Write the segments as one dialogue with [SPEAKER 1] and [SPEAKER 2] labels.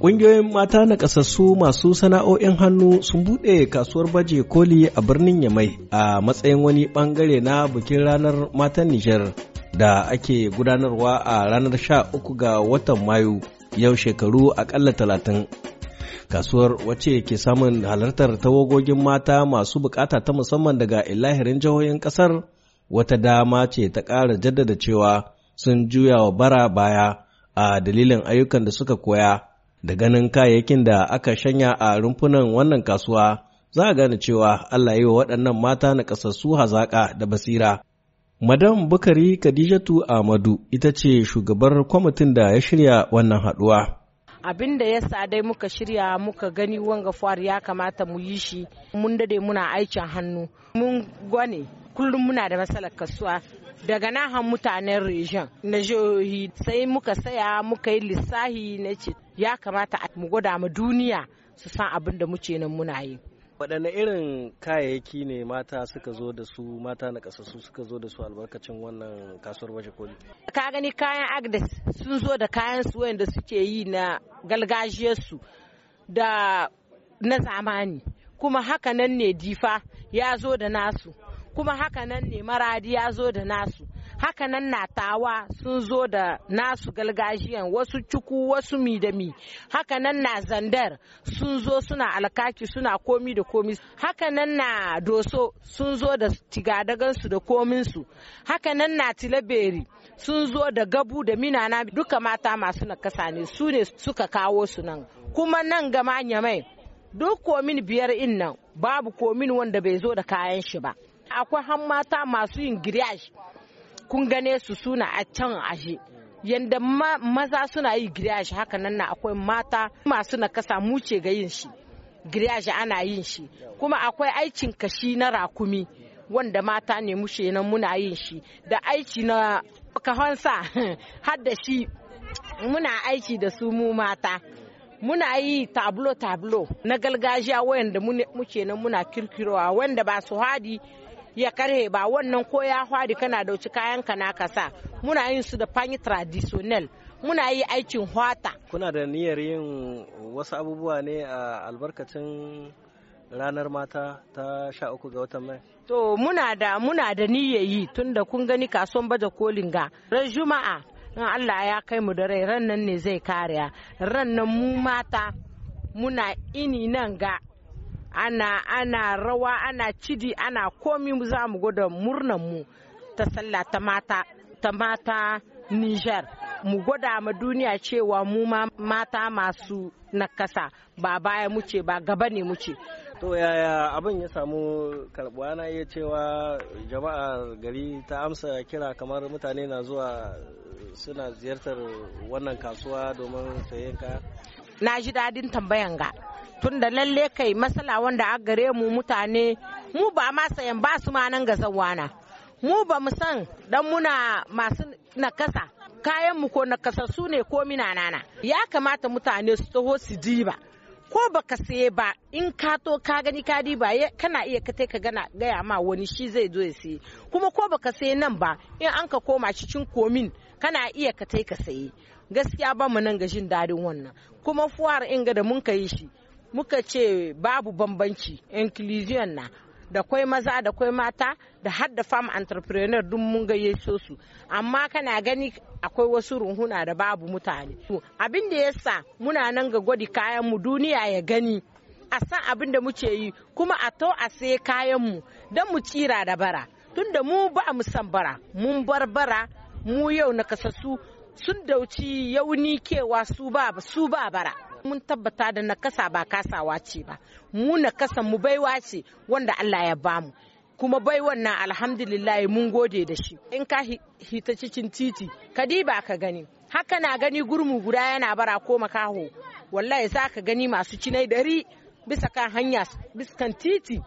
[SPEAKER 1] Ƙungiyoyin mata na ƙasassu masu sana'o'in hannu sun buɗe kasuwar baje koli a birnin Yamai a matsayin wani ɓangare na bikin ranar matan Nijar da ake gudanarwa a ranar sha uku ga watan Mayu yau shekaru aƙalla talatin. Kasuwar wace ke samun halartar tawagogin mata masu bukata ta musamman daga ilahirin jihohin ƙasar wata dama ce ta ƙara jaddada cewa sun juya wa bara baya a dalilin ayyukan da suka koya. da ganin kayayyakin da aka shanya a rumfunan wannan kasuwa za a gane cewa Allah yi wa waɗannan mata na ƙasassu hazaƙa da basira. Madam Bukari Khadijatu Amadu ita ce shugabar kwamitin da ya shirya wannan haɗuwa.
[SPEAKER 2] abin da ya sa dai muka shirya muka gani wanga fuwar ya kamata mu yi shi mun dade muna aikin hannu mun gwane kullum muna da matsalar kasuwa daga nahan mutanen region na jihohi sai muka saya muka yi lissahi na ce ya kamata mu gwada ma duniya su san abin da muke nan muna yi
[SPEAKER 1] waɗanne irin kayayyaki ne mata suka zo da su mata na suka zo da su albarkacin wannan kasuwar waje koli
[SPEAKER 2] ka gani kayan agnes sun zo da kayan su wanda suke yi na galgajiyarsu da na zamani kuma haka nan ne difa ya zo da nasu kuma hakanan nan ne maradi ya zo da nasu hakanan nan na tawa sun zo da nasu galgajiyan wasu cuku wasu mi da mi na zandar sun zo suna alkaki suna komi da komi haka nan na doso sun zo da tigadagansu da kominsu haka nan na tilaberi sun zo da gabu da minana duka mata masu nakasa ne su ne suka kawo su nan kuma nan gama nyamai duk komin biyar in nan babu komin wanda bai zo da kayan shi ba akwai han mata masu yin giriyaj kun gane su suna a can ashe Yadda maza suna yi giriyaj haka nan na akwai mata masu nakasa mu ce ga yin shi giriyaj ana yin shi kuma akwai aikin kashi na rakumi wanda mata ne mushe nan muna yin shi da aiki na kahonsa har da shi muna aiki da su mu mata muna yi tablo tablo na gargajiya wayanda muke nan muna kirkirowa wanda ba su hadi ya karhe ba wannan ko ya hwari kana dauci kayan ka na kasa muna yin su da fanyi traditional muna yi aikin hwata
[SPEAKER 1] kuna da niyyar yin wasu abubuwa ne a albarkacin ranar mata ta sha uku ga watan mai
[SPEAKER 2] to muna da muna da niyyayi tunda kun gani kasuwan baje kolin ga ran juma'a in Allah ya kai mu da rai ran nan ne zai kariya ran nan mu mata muna ini nan ga ana ana rawa ana cidi ana komi za mu gwada murnan mu ta sallah ta mata ta mata Niger mu gwada ma duniya cewa mu mata masu nakasa ba baya muce ba gaba ne muce
[SPEAKER 1] to yaya abin ya samu karbuwa na iya cewa jama'a gari ta amsa kira kamar mutane na zuwa suna ziyartar wannan kasuwa domin sayen kaya
[SPEAKER 2] na ji dadin tambayan ga tun da lalle kai matsala wanda a gare mu mutane mu ba ma sayan ba su ma nan ga zawana mu ba mu san dan muna masu nakasa kayan mu ko nakasassu ne ko mina nana ya kamata mutane su taho su diba ko baka saye ba in ka to ka gani ka diba kana iya ka ka gana gaya ma wani shi zai zo ya saye kuma ko baka saye nan ba in an ka koma cikin komin kana iya ka ka saye gaskiya ba mu nan ga jin dadin wannan kuma fuwar inga da mun kai shi muka ce babu bambanci inclusion na da kwai maza da kwai mata da har da farm entrepreneur duk mun gayyato su amma kana gani akwai wasu runhuna da babu mutane abin da yasa muna nan ga gwadi kayan mu duniya ya gani a san abin da muke yi kuma a to a sai kayan mu don mu tsira da bara tunda mu ba mu san bara mun bar bara mu yau na kasassu sun dauci yauni kewa su ba su ba bara mun tabbata da nakasa ba kasawa ce ba mu nakasa mu baiwa ce wanda Allah ya bamu kuma bai wannan alhamdulillah mun gode da shi in ka hita cikin titi ka diba ka gani haka na gani gurmu guda yana bara ko makaho wallahi za ka gani masu cinai dari bisa kan hanya biskan titi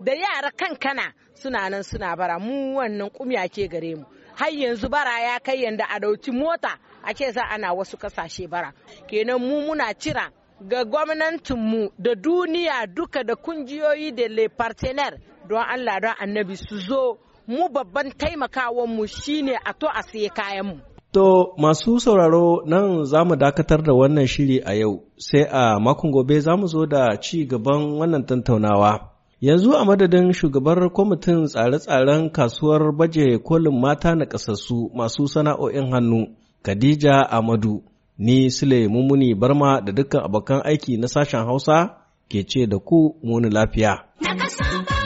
[SPEAKER 2] da yara kankana suna nan suna bara mu wannan kumya ke gare mu har yanzu bara ya kai yanda a dauci mota a ce za ana wasu kasashe bara kenan mu muna cira ga gwamnatinmu da duniya duka da kungiyoyi da le partenaire don Allah don annabi su zo mu babban taimakawanmu shine a to a siye kayanmu.
[SPEAKER 1] To masu sauraro nan za mu dakatar da wannan shiri a yau sai a makon gobe za mu zo da ci gaban wannan tattaunawa. Yanzu a madadin shugabar kwamitin tsare-tsaren kasuwar baje kolin mata na ƙasassu masu sana'o'in hannu, Khadija Amadu, ni Sule Mumuni Barma da dukkan abokan aiki na sashen Hausa ke ce da ku muni lafiya.